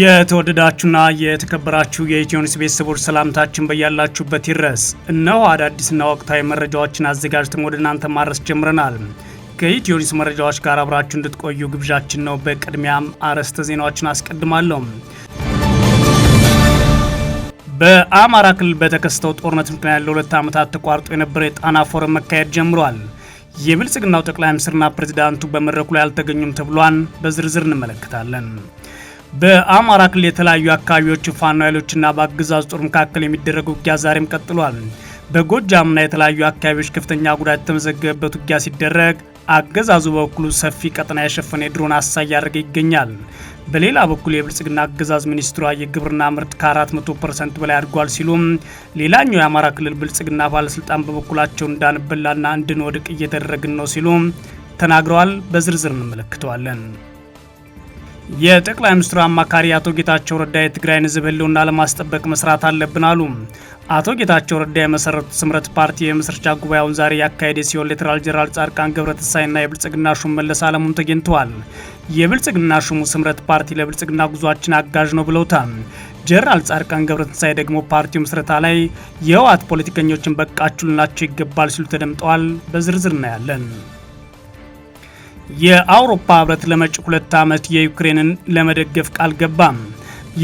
የተወደዳችሁና የተከበራችሁ የኢትዮኒስ ቤተሰቦች ሰላምታችን በያላችሁበት ይድረስ። እነሆ አዳዲስና ወቅታዊ መረጃዎችን አዘጋጅተን ወደ እናንተ ማድረስ ጀምረናል። ከኢትዮኒስ መረጃዎች ጋር አብራችሁ እንድትቆዩ ግብዣችን ነው። በቅድሚያም አርዕስተ ዜናዎችን አስቀድማለሁ። በአማራ ክልል በተከሰተው ጦርነት ምክንያት ለሁለት ዓመታት ተቋርጦ የነበረ የጣና ፎረም መካሄድ ጀምሯል። የብልጽግናው ጠቅላይ ሚኒስትርና ፕሬዚዳንቱ በመድረኩ ላይ አልተገኙም ተብሏን በዝርዝር እንመለከታለን። በአማራ ክልል የተለያዩ አካባቢዎች ፋኖ ኃይሎችና በአገዛዙ ጦር መካከል የሚደረገው ውጊያ ዛሬም ቀጥሏል። በጎጃምና የተለያዩ አካባቢዎች ከፍተኛ ጉዳት የተመዘገበበት ውጊያ ሲደረግ አገዛዙ በበኩሉ ሰፊ ቀጠና የሸፈነ የድሮን አሳ እያደረገ ይገኛል። በሌላ በኩል የብልጽግና አገዛዝ ሚኒስትሯ የግብርና ምርት ከ400 ፐርሰንት በላይ አድጓል ሲሉም፣ ሌላኛው የአማራ ክልል ብልጽግና ባለስልጣን በበኩላቸው እንዳንበላና እንድንወድቅ እየተደረግን ነው ሲሉ ተናግረዋል። በዝርዝር እንመለከተዋለን። የጠቅላይ ሚኒስትሩ አማካሪ አቶ ጌታቸው ረዳ የትግራይን ህዝብ ህልውና ለማስጠበቅ መስራት አለብን አሉ። አቶ ጌታቸው ረዳ የመሰረቱት ስምረት ፓርቲ የመስረቻ ጉባኤውን ዛሬ ያካሄደ ሲሆን ሌተናል ጀነራል ጻድቃን ገብረትንሳኤና የብልጽግና ሹም መለስ አለሙም ተገኝተዋል። የብልጽግና ሹሙ ስምረት ፓርቲ ለብልጽግና ጉዟችን አጋዥ ነው ብለውታል። ጀነራል ጻድቃን ገብረትንሳኤ ደግሞ ፓርቲው ምስረታ ላይ የህወሓት ፖለቲከኞችን በቃችሁ ልናቸው ይገባል ሲሉ ተደምጠዋል። በዝርዝር እናያለን። የአውሮፓ ህብረት ለመጭ ሁለት ዓመት የዩክሬንን ለመደገፍ ቃል ገባም።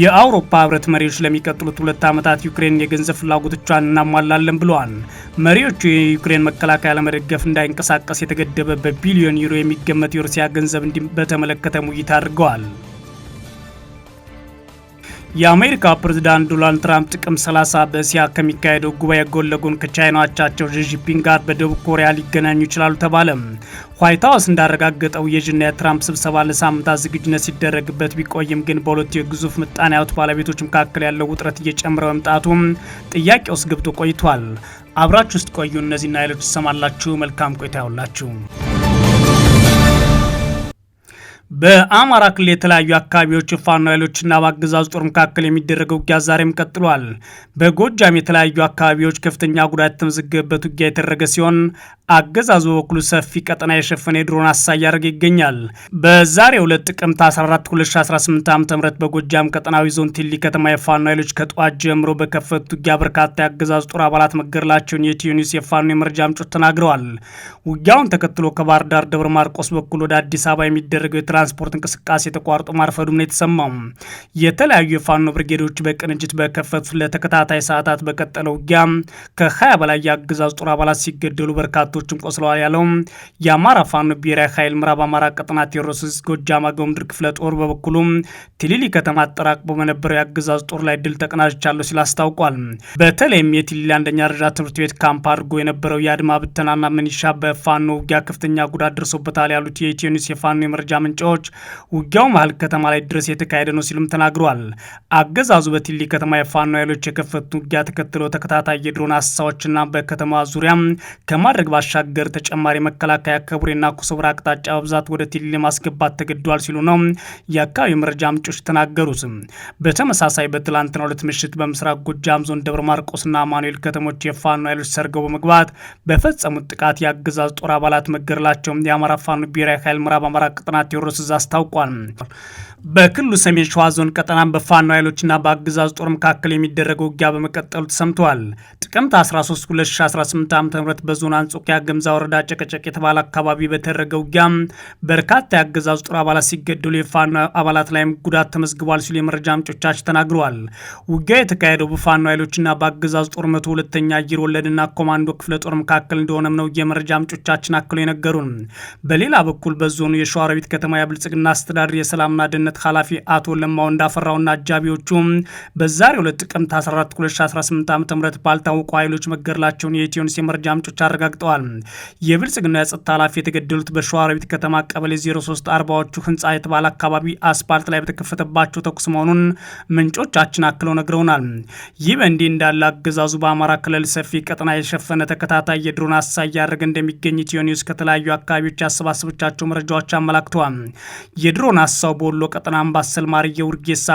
የአውሮፓ ህብረት መሪዎች ለሚቀጥሉት ሁለት ዓመታት ዩክሬን የገንዘብ ፍላጎቶቿን እናሟላለን ብለዋል። መሪዎቹ የዩክሬን መከላከያ ለመደገፍ እንዳይንቀሳቀስ የተገደበ በቢሊዮን ዩሮ የሚገመት የሩሲያ ገንዘብ በተመለከተ ውይይት አድርገዋል። የአሜሪካ ፕሬዝዳንት ዶናልድ ትራምፕ ጥቅም 30 በእስያ ከሚካሄደው ጉባኤ ጎን ለጎን ከቻይና አቻቸው ጋር በደቡብ ኮሪያ ሊገናኙ ይችላሉ ተባለ። ዋይት ሀውስ እንዳረጋገጠው የዥና የትራምፕ ስብሰባ ለሳምንታት ዝግጅነት ሲደረግበት ቢቆይም ግን በሁለቱ የግዙፍ ምጣኔ ሀብት ባለቤቶች መካከል ያለው ውጥረት እየጨመረ መምጣቱም ጥያቄ ውስጥ ገብቶ ቆይቷል። አብራችሁ ውስጥ ቆዩ። እነዚህና ሌሎች ይሰማላችሁ። መልካም ቆይታ ያውላችሁ። በአማራ ክልል የተለያዩ አካባቢዎች የፋኖ ኃይሎችና በአገዛዙ ጦር መካከል የሚደረገው ውጊያ ዛሬም ቀጥሏል። በጎጃም የተለያዩ አካባቢዎች ከፍተኛ ጉዳት የተመዘገበበት ውጊያ የተደረገ ሲሆን አገዛዙ በበኩሉ ሰፊ ቀጠና የሸፈነ የድሮን አሳ እያደረገ ይገኛል። በዛሬ ሁለት ጥቅምት 14 2018 ዓ ም በጎጃም ቀጠናዊ ዞን ቲሊ ከተማ የፋኖ ኃይሎች ከጠዋት ጀምሮ በከፈቱት ውጊያ በርካታ የአገዛዝ ጦር አባላት መገደላቸውን የቲዩኒስ የፋኖ የመረጃ ምንጮች ተናግረዋል። ውጊያውን ተከትሎ ከባህር ዳር ደብረ ማርቆስ በኩል ወደ አዲስ አበባ የሚደረገው የትራ የትራንስፖርት እንቅስቃሴ ተቋርጦ ማርፈዱም ነው የተሰማው። የተለያዩ የፋኖ ብርጌዶች በቅንጅት በከፈቱት ለተከታታይ ሰዓታት በቀጠለ ውጊያ ከ20 በላይ የአገዛዝ ጦር አባላት ሲገደሉ በርካቶችም ቆስለዋል ያለው የአማራ ፋኖ ብሔራዊ ኃይል ምዕራብ አማራ ቀጠና ቴዎድሮስ ጎጃም አገው ምድር ክፍለ ጦር በበኩሉ ቲሊሊ ከተማ አጠራቅቦ በነበረው የአገዛዝ ጦር ላይ ድል ተቀናጅቻለሁ ሲል አስታውቋል። በተለይም የቲሊሊ አንደኛ ደረጃ ትምህርት ቤት ካምፕ አድርጎ የነበረው የአድማ ብተናና መኒሻ በፋኖ ውጊያ ከፍተኛ ጉዳት ደርሶበታል ያሉት የኢትዮኒስ የፋኖ የመረጃ ምንጮ መረጃዎች ውጊያው መሀል ከተማ ላይ ድረስ የተካሄደ ነው ሲሉም ተናግረዋል። አገዛዙ በቲሊ ከተማ የፋኖ ኃይሎች የከፈቱ ውጊያ ተከትሎ ተከታታይ የድሮን አሳዎችና በከተማ ዙሪያ ከማድረግ ባሻገር ተጨማሪ መከላከያ ከቡሬና ኮሶብራ አቅጣጫ በብዛት ወደ ቲሊ ለማስገባት ተገደዋል ሲሉ ነው የአካባቢ መረጃ ምንጮች ተናገሩት። በተመሳሳይ በትላንትና ሁለት ምሽት በምስራቅ ጎጃም ዞን ደብረ ማርቆስና ማኑኤል ከተሞች የፋኖ ኃይሎች ሰርገው በመግባት በፈጸሙት ጥቃት የአገዛዝ ጦር አባላት መገደላቸውም የአማራ ፋኖ ብሔራዊ ኃይል ምዕራብ አማራ ቅጥና ቴዎድሮስ ቴዎድሮስ አስታውቋል። በክልሉ ሰሜን ሸዋ ዞን ቀጠናን በፋኖ ኃይሎችና በአገዛዝ ጦር መካከል የሚደረገው ውጊያ በመቀጠሉ ተሰምተዋል። ጥቅምት 13 2018 ዓ ም በዞን አንጾኪያ ገምዛ ወረዳ ጨቀጨቅ የተባለ አካባቢ በተደረገ ውጊያ በርካታ የአገዛዝ ጦር አባላት ሲገደሉ የፋኖ አባላት ላይም ጉዳት ተመዝግቧል ሲሉ የመረጃ ምንጮቻችን ተናግረዋል። ውጊያ የተካሄደው በፋኖ ኃይሎችና በአገዛዝ ጦር መቶ ሁለተኛ አየር ወለድና ኮማንዶ ክፍለ ጦር መካከል እንደሆነም ነው የመረጃ ምንጮቻችን አክለው የነገሩን። በሌላ በኩል በዞኑ የሸዋሮቢት ከተማ ብልጽግና አስተዳደር የሰላምና ደህንነት ኃላፊ አቶ ለማው እንዳፈራውና አጃቢዎቹ በዛሬ ሁለት ጥቅምት 14 2018 ዓ ም ባልታወቁ ኃይሎች መገደላቸውን የኢትዮንስ የመረጃ ምንጮች አረጋግጠዋል። የብልጽግና የጸጥታ ኃላፊ የተገደሉት በሸዋሮቢት ከተማ ቀበሌ 03 አርባዎቹ ህንፃ የተባለ አካባቢ አስፓልት ላይ በተከፈተባቸው ተኩስ መሆኑን ምንጮቻችን አክለው ነግረውናል። ይህ በእንዲህ እንዳለ አገዛዙ በአማራ ክልል ሰፊ ቀጠና የሸፈነ ተከታታይ የድሮን አሳ እያደረገ እንደሚገኝ ኒውስ ከተለያዩ አካባቢዎች ያሰባሰበቻቸው መረጃዎች አመላክተዋል። የድሮን አሳው በወሎ ቀጠና አምባሰል ማርየ ውርጌሳ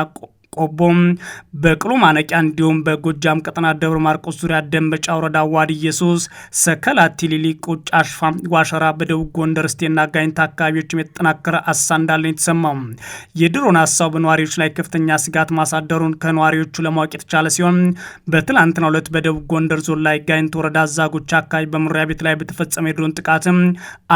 ቆቦም፣ በቅሎ ማነቂያ እንዲሁም በጎጃም ቀጠና ደብረ ማርቆስ ዙሪያ ደንበጫ ወረዳ ዋድ ኢየሱስ፣ ሰከላ፣ ቲሊሊ፣ ቁጭ አሽፋ፣ ዋሸራ፣ በደቡብ ጎንደር ስቴና ጋይንት አካባቢዎችም የተጠናከረ አሳ እንዳለ የተሰማው የድሮን ሀሳብ በነዋሪዎች ላይ ከፍተኛ ስጋት ማሳደሩን ከነዋሪዎቹ ለማወቅ የተቻለ ሲሆን በትላንትና ሁለት በደቡብ ጎንደር ዞን ላይ ጋይንት ወረዳ ዛጎች አካባቢ በመኖሪያ ቤት ላይ በተፈጸመ የድሮን ጥቃትም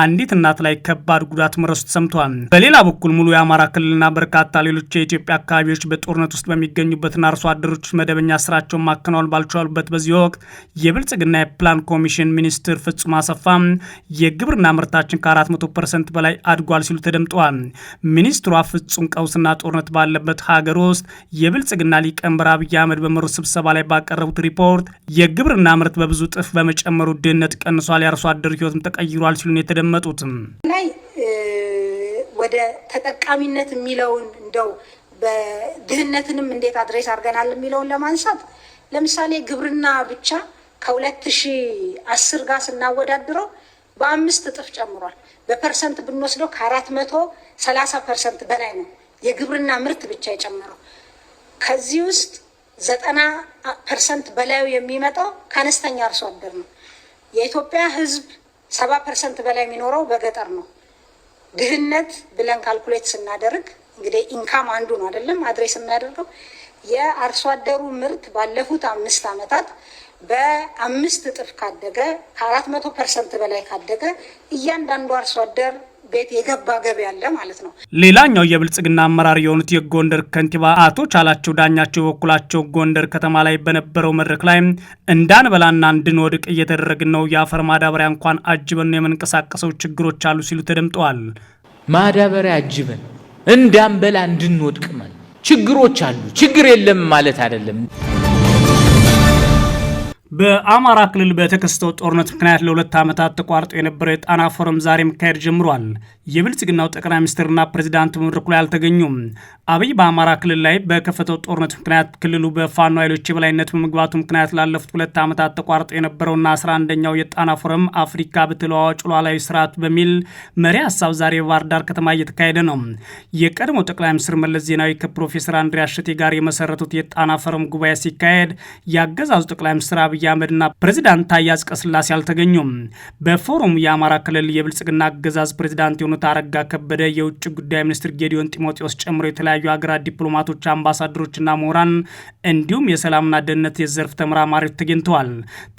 አንዲት እናት ላይ ከባድ ጉዳት መረሱ ተሰምቷል። በሌላ በኩል ሙሉ የአማራ ክልልና በርካታ ሌሎች የኢትዮጵያ አካባቢዎች በጦርነት ጦርነት ውስጥ በሚገኙበትና አርሶ አደሮች መደበኛ ስራቸውን ማከናወን ባልቻሉበት በዚህ ወቅት የብልጽግና የፕላን ኮሚሽን ሚኒስትር ፍጹም አሰፋም የግብርና ምርታችን ከ400 ፐርሰንት በላይ አድጓል ሲሉ ተደምጠዋል። ሚኒስትሯ ፍጹም ቀውስና ጦርነት ባለበት ሀገር ውስጥ የብልጽግና ሊቀመንበር አብይ አህመድ በመሩት ስብሰባ ላይ ባቀረቡት ሪፖርት የግብርና ምርት በብዙ ጥፍ በመጨመሩ ድህነት ቀንሷል፣ የአርሶ አደር ህይወትም ተቀይሯል ሲሉ ነው የተደመጡትም። ወደ ተጠቃሚነት የሚለውን እንደው በድህነትንም እንዴት አድሬስ አድርገናል የሚለውን ለማንሳት ለምሳሌ ግብርና ብቻ ከሁለት ሺህ አስር ጋር ስናወዳድረው በአምስት እጥፍ ጨምሯል። በፐርሰንት ብንወስደው ከአራት መቶ ሰላሳ ፐርሰንት በላይ ነው የግብርና ምርት ብቻ የጨመረው። ከዚህ ውስጥ ዘጠና ፐርሰንት በላዩ የሚመጣው ከአነስተኛ አርሶ አደር ነው። የኢትዮጵያ ሕዝብ ሰባ ፐርሰንት በላይ የሚኖረው በገጠር ነው። ድህነት ብለን ካልኩሌት ስናደርግ እንግዲህ ኢንካም አንዱ ነው አይደለም አድሬስ የሚያደርገው የአርሶ አደሩ ምርት ባለፉት አምስት ዓመታት በአምስት እጥፍ ካደገ ከአራት መቶ ፐርሰንት በላይ ካደገ እያንዳንዱ አርሶ አደር ቤት የገባ ገቢ ያለ ማለት ነው። ሌላኛው የብልጽግና አመራር የሆኑት የጎንደር ከንቲባ አቶ ቻላቸው ዳኛቸው በበኩላቸው ጎንደር ከተማ ላይ በነበረው መድረክ ላይ እንዳንበላና እንድንወድቅ እየተደረግን ነው፣ የአፈር ማዳበሪያ እንኳን አጅበን የምንቀሳቀሰው፣ ችግሮች አሉ ሲሉ ተደምጠዋል። ማዳበሪያ አጅበን እንዳንበላ እንድንወድቅ ማለት ችግሮች አሉ። ችግር የለም ማለት አይደለም። በአማራ ክልል በተከሰተው ጦርነት ምክንያት ለሁለት ዓመታት ተቋርጦ የነበረው የጣና ፎረም ዛሬ መካሄድ ጀምሯል። የብልጽግናው ጠቅላይ ሚኒስትርና ፕሬዚዳንት መድረኩ ላይ አልተገኙም። አብይ በአማራ ክልል ላይ በከፈተው ጦርነት ምክንያት ክልሉ በፋኖ ኃይሎች የበላይነት በመግባቱ ምክንያት ላለፉት ሁለት ዓመታት ተቋርጦ የነበረውና አስራ አንደኛው የጣና ፎረም አፍሪካ በተለዋዋጭ ሉዓላዊ ስርዓት በሚል መሪ ሀሳብ ዛሬ በባህር ዳር ከተማ እየተካሄደ ነው። የቀድሞ ጠቅላይ ሚኒስትር መለስ ዜናዊ ከፕሮፌሰር አንድሪያ እሸቴ ጋር የመሰረቱት የጣና ፎረም ጉባኤ ሲካሄድ የአገዛዙ ጠቅላይ ሚኒስትር አብይ አህመድና ፕሬዚዳንት ታዬ አጽቀሥላሴ አልተገኙም። በፎረሙ የአማራ ክልል የብልጽግና አገዛዝ ፕሬዚዳንት የሆኑ የሆኑት አረጋ ከበደ የውጭ ጉዳይ ሚኒስትር ጌዲዮን ጢሞቴዎስ ጨምሮ የተለያዩ ሀገራት ዲፕሎማቶች፣ አምባሳደሮችና ምሁራን እንዲሁም የሰላምና ደህንነት የዘርፍ ተመራማሪዎች ተገኝተዋል።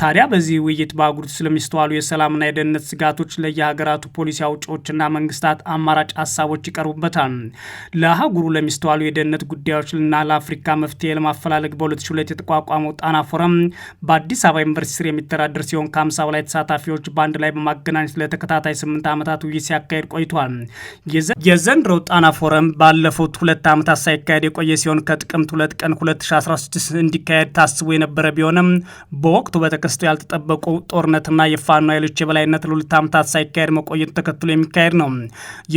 ታዲያ በዚህ ውይይት በአህጉሪቱ ስለሚስተዋሉ የሰላምና የደህንነት ስጋቶች ለየሀገራቱ ፖሊሲ አውጪዎችና መንግስታት አማራጭ ሀሳቦች ይቀርቡበታል። ለአህጉሩ ለሚስተዋሉ የደህንነት ጉዳዮች ና ለአፍሪካ መፍትሄ ለማፈላለግ በ2002 የተቋቋመው ጣና ፎረም በአዲስ አበባ ዩኒቨርሲቲ ስር የሚተዳደር ሲሆን ከ50 በላይ ተሳታፊዎች በአንድ ላይ በማገናኘት ለተከታታይ ስምንት ዓመታት ውይይት ሲያካሄድ ቆይ ቆይቷል። የዘንድሮው ጣና ፎረም ባለፉት ሁለት ዓመታት ሳይካሄድ የቆየ ሲሆን ከጥቅምት ሁለት ቀን 2016 እንዲካሄድ ታስቦ የነበረ ቢሆንም በወቅቱ በተከስቶ ያልተጠበቁ ጦርነትና የፋኖ ኃይሎች የበላይነት ለሁለት ዓመታት ሳይካሄድ መቆየቱ ተከትሎ የሚካሄድ ነው።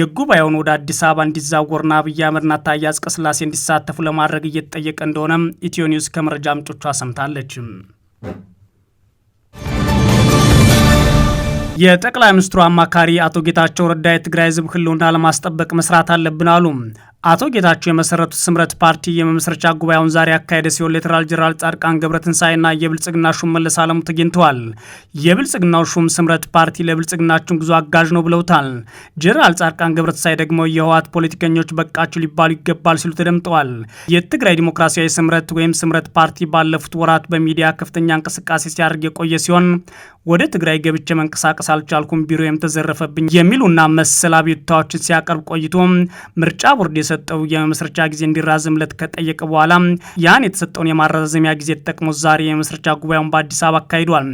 የጉባኤውን ወደ አዲስ አበባ እንዲዛወርና አብይ አህመድና ታዬ አጽቀሥላሴ እንዲሳተፉ ለማድረግ እየተጠየቀ እንደሆነ ኢትዮ ኒውስ ከመረጃ ምንጮቿ ሰምታለች። የጠቅላይ ሚኒስትሩ አማካሪ አቶ ጌታቸው ረዳ የትግራይ ህዝብ ህልውና ለማስጠበቅ መስራት አለብን አሉ። አቶ ጌታቸው የመሰረቱት ስምረት ፓርቲ የመመስረቻ ጉባኤውን ዛሬ አካሄደ ሲሆን ሌተናል ጀነራል ጻድቃን ገብረትንሳኤና የብልጽግና ሹም መለስ አለሙ ተገኝተዋል። የብልጽግናው ሹም ስምረት ፓርቲ ለብልጽግናችን ጉዞ አጋዥ ነው ብለውታል። ጀራል ጻድቃን ገብረትንሳኤ ደግሞ የህወሓት ፖለቲከኞች በቃቸው ሊባሉ ይገባል ሲሉ ተደምጠዋል። የትግራይ ዲሞክራሲያዊ ስምረት ወይም ስምረት ፓርቲ ባለፉት ወራት በሚዲያ ከፍተኛ እንቅስቃሴ ሲያደርግ የቆየ ሲሆን ወደ ትግራይ ገብቼ መንቀሳቀስ አልቻልኩም፣ ቢሮዬም ተዘረፈብኝ የሚሉና መሰል አቤቱታዎችን ሲያቀርብ ቆይቶ ምርጫ ቦርድ የሰጠው የመስረቻ ጊዜ እንዲራዘምለት ከጠየቀ በኋላ ያን የተሰጠውን የማራዘሚያ ጊዜ ተጠቅሞ ዛሬ የመስረቻ ጉባኤውን በአዲስ አበባ አካሂዷል።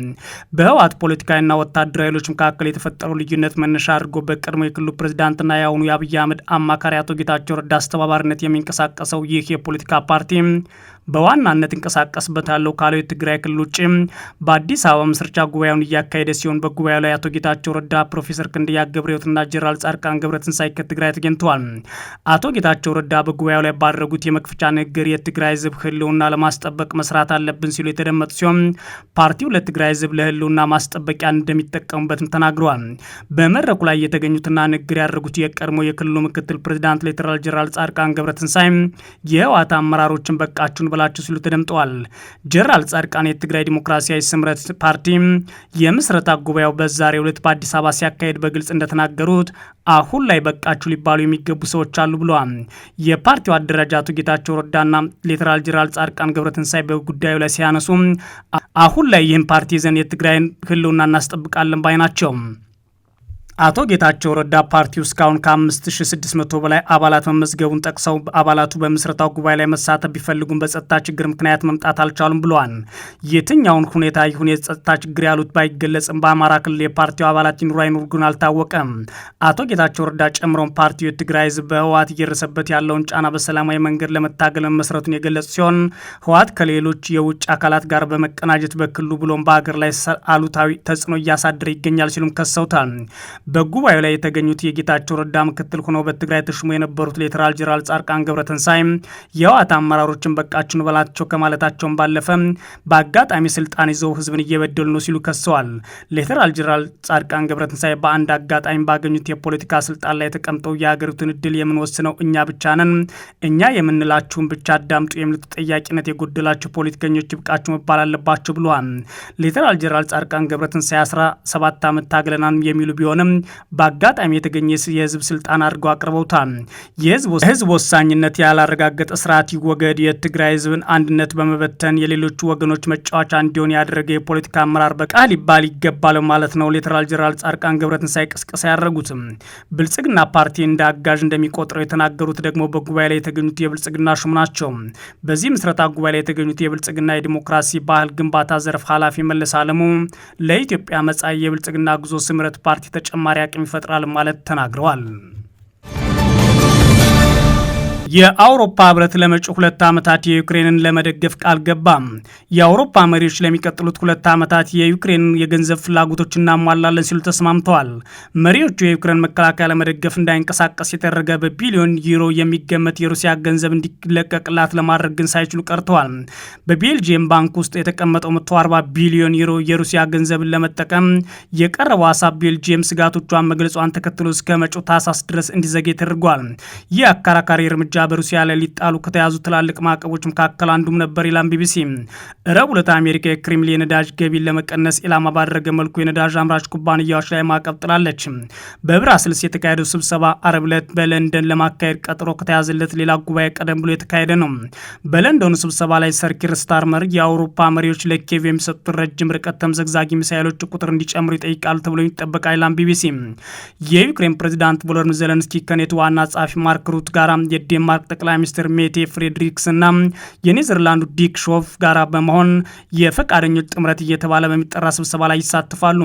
በህወሓት ፖለቲካዊና ወታደራዊ ኃይሎች መካከል የተፈጠረው ልዩነት መነሻ አድርጎ በቀድሞ የክልሉ ፕሬዚዳንትና የአሁኑ የአብይ አህመድ አማካሪ አቶ ጌታቸው ረዳ አስተባባሪነት የሚንቀሳቀሰው ይህ የፖለቲካ ፓርቲ በዋናነት እንቀሳቀስበታለሁ ካለው የትግራይ ክልል ውጭ በአዲስ አበባ ምስርቻ ጉባኤውን እያካሄደ ሲሆን በጉባኤው ላይ አቶ ጌታቸው ረዳ፣ ፕሮፌሰር ክንድያ ገብረሕይወትና ጄኔራል ጻድቃን ገብረትንሳኤ ከትግራይ ተገኝተዋል። አቶ ጌታቸው ረዳ በጉባኤው ላይ ባደረጉት የመክፈቻ ንግግር የትግራይ ህዝብ ህልውና ለማስጠበቅ መስራት አለብን ሲሉ የተደመጡ ሲሆን ፓርቲው ለትግራይ ህዝብ ለህልውና ማስጠበቂያ እንደሚጠቀሙበትም ተናግረዋል። በመድረኩ ላይ የተገኙትና ንግግር ያደረጉት የቀድሞ የክልሉ ምክትል ፕሬዚዳንት ሌተናል ጄኔራል ጻድቃን ገብረትንሳኤ የህወሓት አመራሮችን በቃችሁን ተቀበላችሁ ሲሉ ተደምጠዋል። ጀነራል ጻድቃን የትግራይ ዲሞክራሲያዊ ስምረት ፓርቲ የምስረታ ጉባኤው በዛሬው ዕለት በአዲስ አበባ ሲያካሄድ በግልጽ እንደተናገሩት አሁን ላይ በቃችሁ ሊባሉ የሚገቡ ሰዎች አሉ ብለዋል። የፓርቲው አደረጃቱ ጌታቸው ረዳና ሌተናል ጀነራል ጻድቃን ገብረትንሳኤ በጉዳዩ ላይ ሲያነሱ አሁን ላይ ይህን ፓርቲ ይዘን የትግራይን ህልውና እናስጠብቃለን ባይ ናቸው። አቶ ጌታቸው ረዳ ፓርቲው እስካሁን ከ5600 በላይ አባላት መመዝገቡን ጠቅሰው አባላቱ በምስረታው ጉባኤ ላይ መሳተፍ ቢፈልጉም በጸጥታ ችግር ምክንያት መምጣት አልቻሉም ብለዋል። የትኛውን ሁኔታ ይሁን የጸጥታ ችግር ያሉት ባይገለጽም በአማራ ክልል የፓርቲው አባላት ይኑሩ አይኑሩ ግን አልታወቀም። አቶ ጌታቸው ረዳ ጨምሮን ፓርቲው የትግራይ ህዝብ በህወሓት እየደረሰበት ያለውን ጫና በሰላማዊ መንገድ ለመታገል መመስረቱን የገለጹ ሲሆን ህወሓት ከሌሎች የውጭ አካላት ጋር በመቀናጀት በክልሉ ብሎም በሀገር ላይ አሉታዊ ተጽዕኖ እያሳደረ ይገኛል ሲሉም ከሰውታል። በጉባኤው ላይ የተገኙት የጌታቸው ረዳ ምክትል ሆነው በትግራይ ተሹሞ የነበሩት ሌተናል ጄኔራል ጻድቃን ገብረትንሳይ የህወሓት አመራሮችን በቃችን በላቸው ከማለታቸውን ባለፈ በአጋጣሚ ስልጣን ይዘው ህዝብን እየበደሉ ነው ሲሉ ከሰዋል። ሌተናል ጄኔራል ጻድቃን ገብረትንሳይ በአንድ አጋጣሚ ባገኙት የፖለቲካ ስልጣን ላይ ተቀምጠው የሀገሪቱን እድል የምንወስነው እኛ ብቻ ነን፣ እኛ የምንላችሁን ብቻ አዳምጡ የሚሉት ተጠያቂነት የጎደላቸው ፖለቲከኞች ይብቃችሁ መባል አለባቸው ብለዋል። ሌተናል ጄኔራል ጻድቃን ገብረትንሳይ 17 ዓመት ታግለናን የሚሉ ቢሆንም በአጋጣሚ የተገኘ የህዝብ ስልጣን አድርገው አቅርበውታል። የህዝብ ወሳኝነት ያላረጋገጠ ስርዓት ይወገድ፣ የትግራይ ህዝብን አንድነት በመበተን የሌሎቹ ወገኖች መጫወቻ እንዲሆን ያደረገ የፖለቲካ አመራር በቃ ሊባል ይገባል ማለት ነው። ሌተናል ጀነራል ጻድቃን ገብረትንሳኤ ቅስቀሳ ያደረጉትም ብልጽግና ፓርቲ እንደ አጋዥ እንደሚቆጥረው የተናገሩት ደግሞ በጉባኤ ላይ የተገኙት የብልጽግና ሹም ናቸው። በዚህ ምስረታ ጉባኤ ላይ የተገኙት የብልጽግና የዲሞክራሲ ባህል ግንባታ ዘርፍ ኃላፊ መለስ አለሙ ለኢትዮጵያ መጻኢ የብልጽግና ጉዞ ስምረት ፓርቲ ተጨማ ተጨማሪ አቅም ይፈጥራል ማለት ተናግረዋል። የአውሮፓ ህብረት ለመጪው ሁለት ዓመታት የዩክሬንን ለመደገፍ ቃል ገባ። የአውሮፓ መሪዎች ለሚቀጥሉት ሁለት ዓመታት የዩክሬንን የገንዘብ ፍላጎቶች እናሟላለን ሲሉ ተስማምተዋል። መሪዎቹ የዩክሬን መከላከያ ለመደገፍ እንዳይንቀሳቀስ የተደረገ በቢሊዮን ዩሮ የሚገመት የሩሲያ ገንዘብ እንዲለቀቅላት ለማድረግ ግን ሳይችሉ ቀርተዋል። በቤልጅየም ባንክ ውስጥ የተቀመጠው 140 ቢሊዮን ዩሮ የሩሲያ ገንዘብን ለመጠቀም የቀረበው ሀሳብ ቤልጅየም ስጋቶቿን መግለጿን ተከትሎ እስከ መጪው ታህሳስ ድረስ እንዲዘገይ ተደርጓል። ይህ አከራካሪ እርምጃ እርምጃ በሩሲያ ላይ ሊጣሉ ከተያዙ ትላልቅ ማዕቀቦች መካከል አንዱም ነበር ይላም ቢቢሲ። ረቡዕ ዕለት አሜሪካ የክሬምሊን የነዳጅ ገቢን ለመቀነስ ኢላማ ባደረገ መልኩ የነዳጅ አምራች ኩባንያዎች ላይ ማዕቀብ ጥላለች። በብራስልስ የተካሄደው ስብሰባ አረብ ዕለት በለንደን ለማካሄድ ቀጥሮ ከተያዘለት ሌላ ጉባኤ ቀደም ብሎ የተካሄደ ነው። በለንደኑ ስብሰባ ላይ ሰር ኪር ስታርመር የአውሮፓ መሪዎች ለኬቭ የሚሰጡትን ረጅም ርቀት ተምዘግዛጊ ሚሳይሎች ቁጥር እንዲጨምሩ ይጠይቃሉ ተብሎ ይጠበቃል ይላል ቢቢሲ። የዩክሬን ፕሬዚዳንት ቮሎድሚር ዘለንስኪ ከኔቶ ዋና ጸሐፊ ማርክ ሩት ጋራ የዴን የዴንማርክ ጠቅላይ ሚኒስትር ሜቴ እና የኔዘርላንዱ ዲክ ሾፍ ጋራ በመሆን የፈቃደኞች ጥምረት እየተባለ በሚጠራ ስብሰባ ላይ ይሳተፋሉ።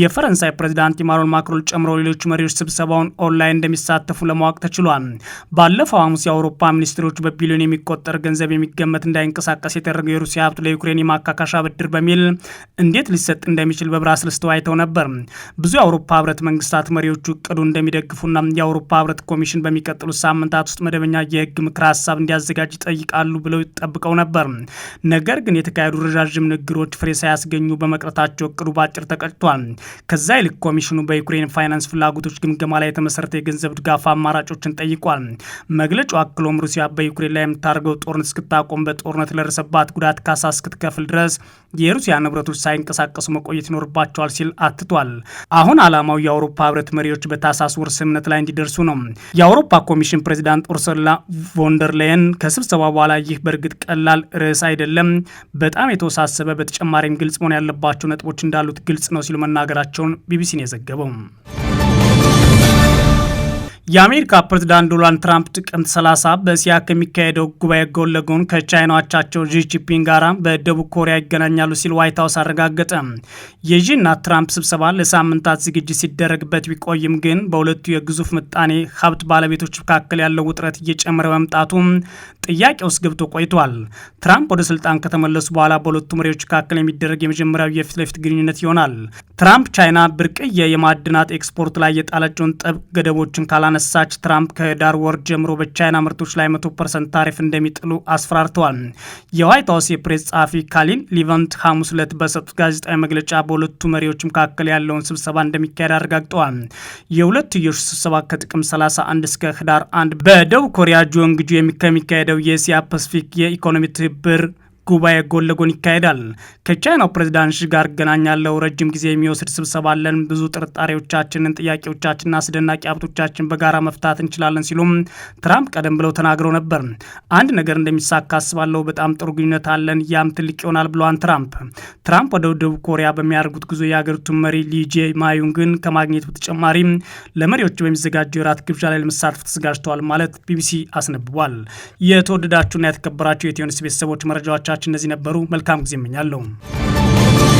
የፈረንሳይ ፕሬዚዳንት ኢማኑኤል ማክሮን ጨምሮ ሌሎች መሪዎች ስብሰባውን ኦንላይን እንደሚሳተፉ ለማወቅ ተችሏል። ባለፈው ሐሙስ የአውሮፓ ሚኒስትሮች በቢሊዮን የሚቆጠር ገንዘብ የሚገመት እንዳይንቀሳቀስ የተደረገው የሩሲያ ሀብት ለዩክሬን የማካካሻ ብድር በሚል እንዴት ሊሰጥ እንደሚችል በብራስልስ ተወያይተው ነበር። ብዙ የአውሮፓ ህብረት መንግስታት መሪዎቹ እቅዱ እንደሚደግፉና የአውሮፓ ህብረት ኮሚሽን በሚቀጥሉት ሳምንታት ውስጥ መደበኛ ከፍተኛ የህግ ምክር ሀሳብ እንዲያዘጋጅ ይጠይቃሉ ብለው ጠብቀው ነበር። ነገር ግን የተካሄዱ ረዣዥም ንግግሮች ፍሬ ሳያስገኙ በመቅረታቸው እቅዱ በአጭር ተቀጭቷል። ከዛ ይልቅ ኮሚሽኑ በዩክሬን ፋይናንስ ፍላጎቶች ግምገማ ላይ የተመሰረተ የገንዘብ ድጋፍ አማራጮችን ጠይቋል። መግለጫው አክሎም ሩሲያ በዩክሬን ላይ የምታደርገው ጦርነት እስክታቆም በጦርነት ለደረሰባት ጉዳት ካሳ እስክትከፍል ድረስ የሩሲያ ንብረቶች ሳይንቀሳቀሱ መቆየት ይኖርባቸዋል ሲል አትቷል። አሁን ዓላማው የአውሮፓ ህብረት መሪዎች በታሳስ ወር ስምምነት ላይ እንዲደርሱ ነው። የአውሮፓ ኮሚሽን ፕሬዚዳንት ኡርሰላ ኡርሱላ ቮንደርላየን ከስብሰባ በኋላ ይህ በእርግጥ ቀላል ርዕስ አይደለም፣ በጣም የተወሳሰበ፣ በተጨማሪም ግልጽ መሆን ያለባቸው ነጥቦች እንዳሉት ግልጽ ነው ሲሉ መናገራቸውን ቢቢሲን የዘገበው የአሜሪካ ፕሬዝዳንት ዶናልድ ትራምፕ ጥቅምት 30 በእስያ ከሚካሄደው ጉባኤ ጎን ለጎን ከቻይና አቻቸው ዢ ጂንፒንግ ጋር በደቡብ ኮሪያ ይገናኛሉ ሲል ዋይት ሀውስ አረጋገጠ። የዢና ትራምፕ ስብሰባ ለሳምንታት ዝግጅት ሲደረግበት ቢቆይም ግን በሁለቱ የግዙፍ ምጣኔ ሀብት ባለቤቶች መካከል ያለው ውጥረት እየጨመረ መምጣቱ ጥያቄ ውስጥ ገብቶ ቆይቷል። ትራምፕ ወደ ስልጣን ከተመለሱ በኋላ በሁለቱ መሪዎች መካከል የሚደረግ የመጀመሪያው የፊት ለፊት ግንኙነት ይሆናል። ትራምፕ ቻይና ብርቅዬ የማዕድናት ኤክስፖርት ላይ የጣላቸውን ጥብቅ ገደቦችን ካላነሳች ትራምፕ ከዳር ወር ጀምሮ በቻይና ምርቶች ላይ መቶ ፐርሰንት ታሪፍ እንደሚጥሉ አስፈራርተዋል። የዋይት ሀውስ የፕሬስ ጸሐፊ ካሊን ሊቨንት ሐሙስ ዕለት በሰጡት ጋዜጣዊ መግለጫ በሁለቱ መሪዎች መካከል ያለውን ስብሰባ እንደሚካሄድ አረጋግጠዋል። የሁለትዮሽ ስብሰባ ከጥቅም 31 እስከ ህዳር 1 በደቡብ ኮሪያ ጆንግጁ ከሚካሄደው የተካሄደው የእስያ ፓሲፊክ የኢኮኖሚ ትብብር ጉባኤ ጎን ለጎን ይካሄዳል። ከቻይናው ፕሬዚዳንት ሺ ጋር እገናኛለሁ። ረጅም ጊዜ የሚወስድ ስብሰባ አለን። ብዙ ጥርጣሬዎቻችንን፣ ጥያቄዎቻችንና አስደናቂ ሀብቶቻችን በጋራ መፍታት እንችላለን ሲሉም ትራምፕ ቀደም ብለው ተናግረው ነበር። አንድ ነገር እንደሚሳካ አስባለሁ። በጣም ጥሩ ግንኙነት አለን። ያም ትልቅ ይሆናል ብለዋን ትራምፕ። ትራምፕ ወደ ደቡብ ኮሪያ በሚያደርጉት ጉዞ የሀገሪቱን መሪ ሊጄ ማዩንግን ከማግኘት በተጨማሪ ለመሪዎቹ በሚዘጋጀው የራት ግብዣ ላይ ለመሳተፍ ተዘጋጅተዋል ማለት ቢቢሲ አስነብቧል። የተወደዳችሁና የተከበራችሁ የኢትዮ ኒውስ ቤተሰቦች መረጃዎች ዜናዎቻችን እነዚህ ነበሩ። መልካም ጊዜ እመኛለሁ።